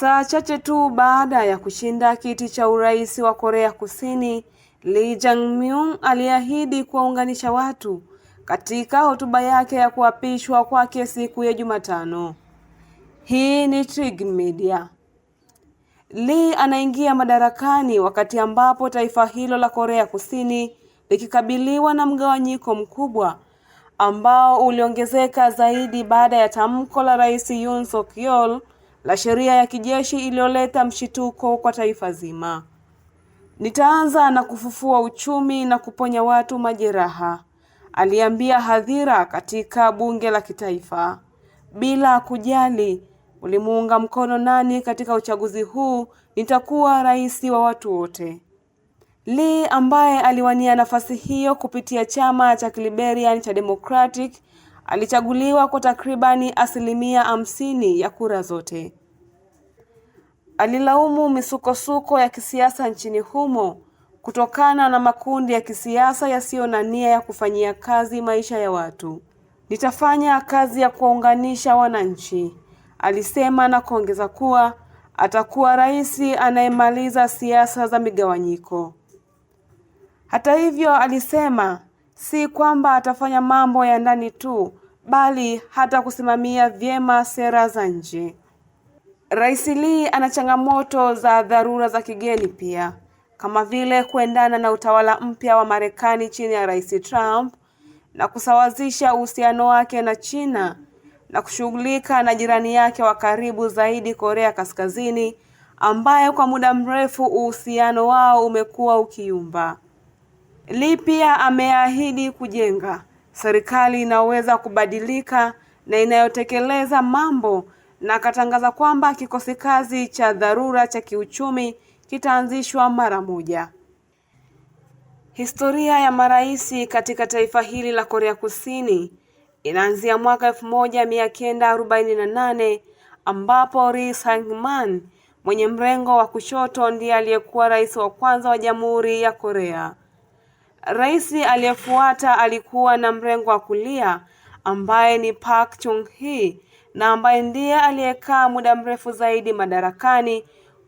Saa chache tu baada ya kushinda kiti cha urais wa Korea Kusini, Lee Jae-myung aliahidi kuwaunganisha watu katika hotuba yake ya kuapishwa kwake siku ya Jumatano. Hii ni Trign Media. Lee anaingia madarakani wakati ambapo taifa hilo la Korea Kusini likikabiliwa na mgawanyiko mkubwa ambao uliongezeka zaidi baada ya tamko la Rais Yoon Suk Yeol la sheria ya kijeshi iliyoleta mshituko kwa taifa zima. Nitaanza na kufufua uchumi na kuponya watu majeraha, aliambia hadhira katika bunge la kitaifa, bila kujali ulimuunga mkono nani katika uchaguzi huu. Nitakuwa rais wa watu wote. Lee ambaye aliwania nafasi hiyo kupitia chama cha Liberian cha Democratic alichaguliwa kwa takribani asilimia hamsini ya kura zote. Alilaumu misukosuko ya kisiasa nchini humo kutokana na makundi ya kisiasa yasiyo na nia ya kufanyia kazi maisha ya watu. Nitafanya kazi ya kuwaunganisha wananchi, alisema na kuongeza kuwa atakuwa rais anayemaliza siasa za migawanyiko. Hata hivyo, alisema si kwamba atafanya mambo ya ndani tu, bali hata kusimamia vyema sera za nje. Rais Lee ana changamoto za dharura za kigeni pia, kama vile kuendana na utawala mpya wa Marekani chini ya Rais Trump na kusawazisha uhusiano wake na China na kushughulika na jirani yake wa karibu zaidi Korea Kaskazini, ambaye kwa muda mrefu uhusiano wao umekuwa ukiumba. Lee pia ameahidi kujenga serikali inaweza kubadilika na inayotekeleza mambo na akatangaza kwamba kikosi kazi cha dharura cha kiuchumi kitaanzishwa mara moja. Historia ya marais katika taifa hili la Korea Kusini inaanzia mwaka elfu moja mia kenda arobaini na nane ambapo Ri Sangman mwenye mrengo wa kushoto ndiye aliyekuwa rais wa kwanza wa Jamhuri ya Korea. Rais aliyefuata alikuwa na mrengo wa kulia ambaye ni Park Chung-hee na ambaye ndiye aliyekaa muda mrefu zaidi madarakani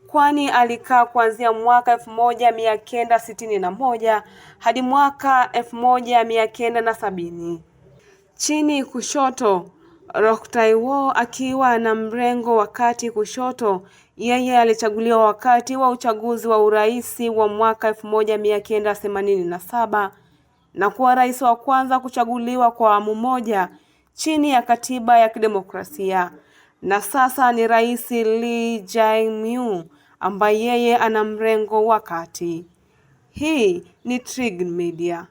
kwani alikaa kuanzia mwaka elfu moja mia kenda sitini na moja hadi mwaka elfu moja mia kenda na sabini. Chini kushoto Roh Tai Woo akiwa na mrengo wa kati kushoto yeye alichaguliwa wakati wa uchaguzi wa urais wa mwaka elfu moja mia kenda themanini na saba na kuwa rais wa kwanza kuchaguliwa kwa awamu moja chini ya katiba ya kidemokrasia na sasa ni Rais Lee Jae-myung ambaye yeye ana mrengo wa kati. Hii ni Trigen Media.